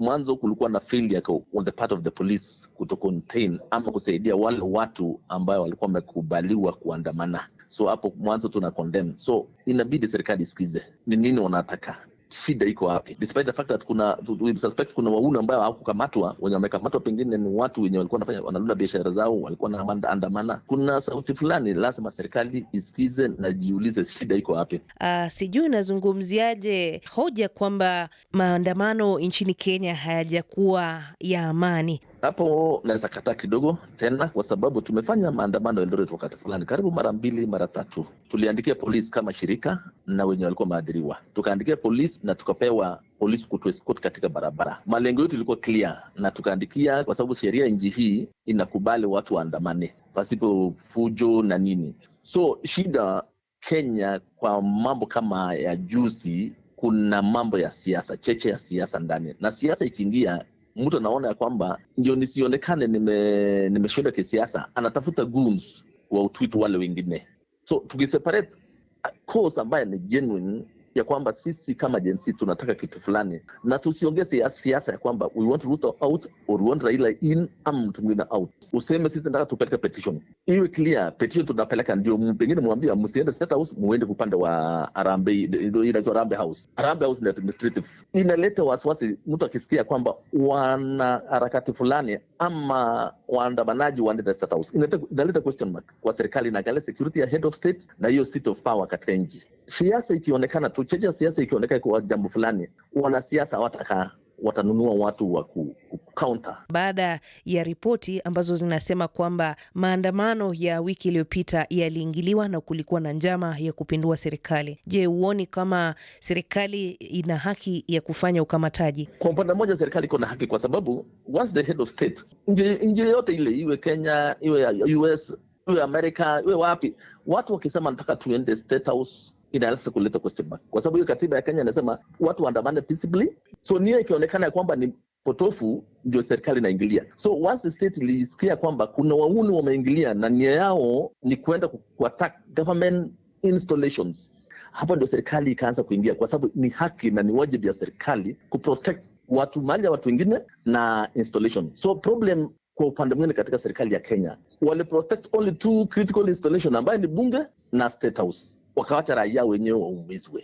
mwanzo kulikuwa na failure on the part of the police kuto contain ama kusaidia wale watu ambayo walikuwa wamekubaliwa kuandamana. So hapo mwanzo tuna condemn, so inabidi serikali isikize ni nini wanataka shida iko wapi, despite the fact that kuna we suspect kuna wahuni ambao hawakukamatwa, wenye wamekamatwa pengine ni watu wenye walikuwa wanafanya wanalula biashara zao, walikuwa wanaandamana. Kuna sauti fulani lazima serikali isikize na jiulize shida iko wapi. Uh, sijui unazungumziaje hoja kwamba maandamano nchini Kenya hayajakuwa ya amani hapo naweza kataa kidogo tena, kwa sababu tumefanya maandamano Eldoret wakati fulani, karibu mara mbili mara tatu. Tuliandikia polisi kama shirika na wenye walikuwa maadhiriwa, tukaandikia polisi na tukapewa polisi kutuescort katika barabara. Malengo yetu ilikuwa clear, na tukaandikia kwa sababu sheria nchi hii inakubali watu waandamane pasipo fujo na nini. So shida Kenya kwa mambo kama ya juzi, kuna mambo ya siasa, cheche ya siasa ndani, na siasa ikiingia mtu anaona ya kwamba ndio nisionekane nime kisiasa, anatafuta goons wa utwitu wale wengine. So tukiseparate cause ambaye ni genuine ya kwamba sisi kama jinsi tunataka kitu fulani, na tusiongee siasa ya kwamba we want Ruto out or we want Raila in ama mtu mwingine out. Useme sisi nataka tupeleke petition, iwe clear petition tunapeleka, ndio pengine mwambia msiende State House, muende upande wa Arambe, inaitwa Arambe House. Arambe House ni administrative, inaleta wasiwasi mtu akisikia kwamba wana harakati fulani ama waandamanaji waende State House, inaleta question mark kwa serikali, na gale security ya head of state na hiyo seat of power katika nchi. Siasa ikionekana kuchecha siasa ikionekana kuwa jambo fulani, wanasiasa hawatakaa watanunua watu wa kukaunta. Baada ya ripoti ambazo zinasema kwamba maandamano ya wiki iliyopita yaliingiliwa na kulikuwa na njama ya kupindua serikali, je, huoni kama serikali ina haki ya kufanya ukamataji? Kwa upande mmoja, serikali iko na haki kwa sababu once the head of state, ile, iwe Kenya, iwe US, iwe Amerika, iwe wapi, watu wakisema nataka tuende State House inaweza kuleta question kwa sababu hiyo katiba ya Kenya inasema watu waandamane peaceably. So nia ikionekana ya kwamba ni potofu, ndio serikali inaingilia. So once the state ilisikia kwamba kuna wauni wameingilia na nia yao ni kuenda kuattack government installations, hapo ndio serikali ikaanza kuingia, kwa sababu ni haki na ni wajibu ya serikali kuprotect watu mali ya watu wengine na installation. So problem kwa upande mwingine katika serikali ya Kenya wali protect only two critical installation ambaye ni bunge na state house wakawaacha raia wenyewe waumizwe.